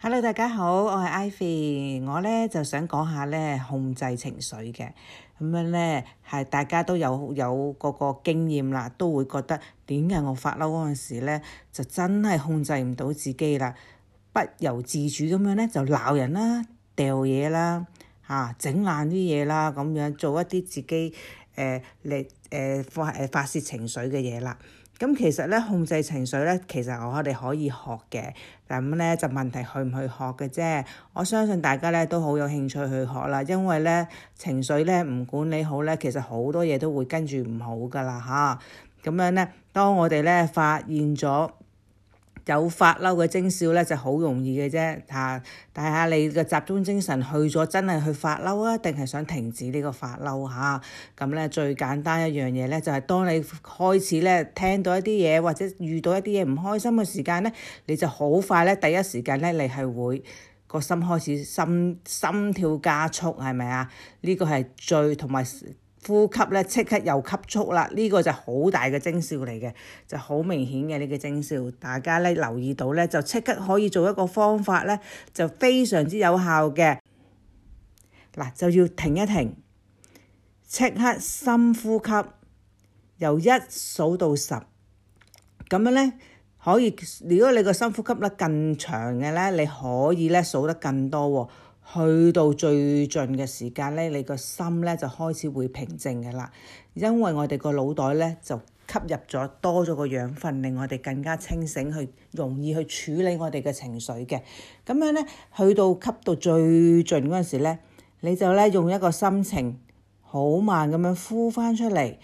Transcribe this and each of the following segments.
Hello，大家好，我係 Ivy，我咧就想講下咧控制情緒嘅，咁樣咧係大家都有有個個經驗啦，都會覺得點解我發嬲嗰陣時咧就真係控制唔到自己啦，不由自主咁樣咧就鬧人啦、掉嘢啦、嚇、啊、整爛啲嘢啦，咁樣做一啲自己誒嚟誒發誒發泄情緒嘅嘢啦。咁其實咧，控制情緒咧，其實我哋可以學嘅，咁咧就問題去唔去學嘅啫。我相信大家咧都好有興趣去學啦，因為咧情緒咧唔管理好咧，其實好多嘢都會跟住唔好㗎喇吓，咁樣咧，當我哋咧發現咗，有發嬲嘅徵兆咧，就好容易嘅啫吓。但係你個集中精神去咗，真係去發嬲啊，定係想停止呢個發嬲吓？咁、啊、咧最簡單一樣嘢咧，就係、是、當你開始咧聽到一啲嘢或者遇到一啲嘢唔開心嘅時間咧，你就好快咧第一時間咧，你係會個心開始心心跳加速係咪啊？呢個係最同埋。呼吸咧，即刻又吸促啦，呢個就好大嘅徵兆嚟嘅，就好明顯嘅呢個徵兆。大家咧留意到咧，就即刻可以做一個方法咧，就非常之有效嘅。嗱，就要停一停，即刻深呼吸，由一數到十，咁樣咧可以。如果你個深呼吸咧更長嘅咧，你可以咧數得更多喎。去到最盡嘅時間咧，你個心咧就開始會平靜嘅啦，因為我哋個腦袋咧就吸入咗多咗個養分，令我哋更加清醒，去容易去處理我哋嘅情緒嘅。咁樣咧，去到吸到最盡嗰陣時咧，你就咧用一個心情好慢咁樣呼翻出嚟。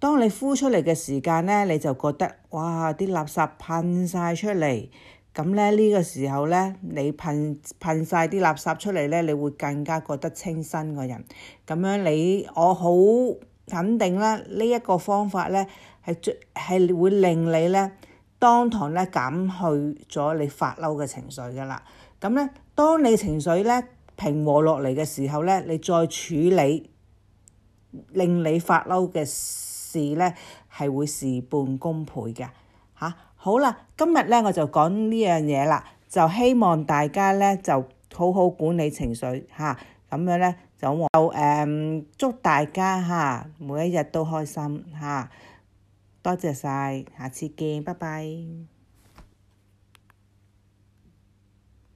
當你呼出嚟嘅時間咧，你就覺得哇！啲垃圾噴晒出嚟。咁咧呢個時候咧，你噴噴曬啲垃圾出嚟咧，你會更加覺得清新個人。咁樣你我好肯定啦，呢一個方法咧係最係會令你咧當堂咧減去咗你發嬲嘅情緒噶啦。咁咧，當你情緒咧平和落嚟嘅時候咧，你再處理令你發嬲嘅事咧，係會事半功倍嘅。嚇，好啦，今日咧我就講呢樣嘢啦，就希望大家咧就好好管理情緒嚇，咁樣咧就誒、嗯、祝大家嚇每一日都開心嚇，多謝晒，下次見，拜拜。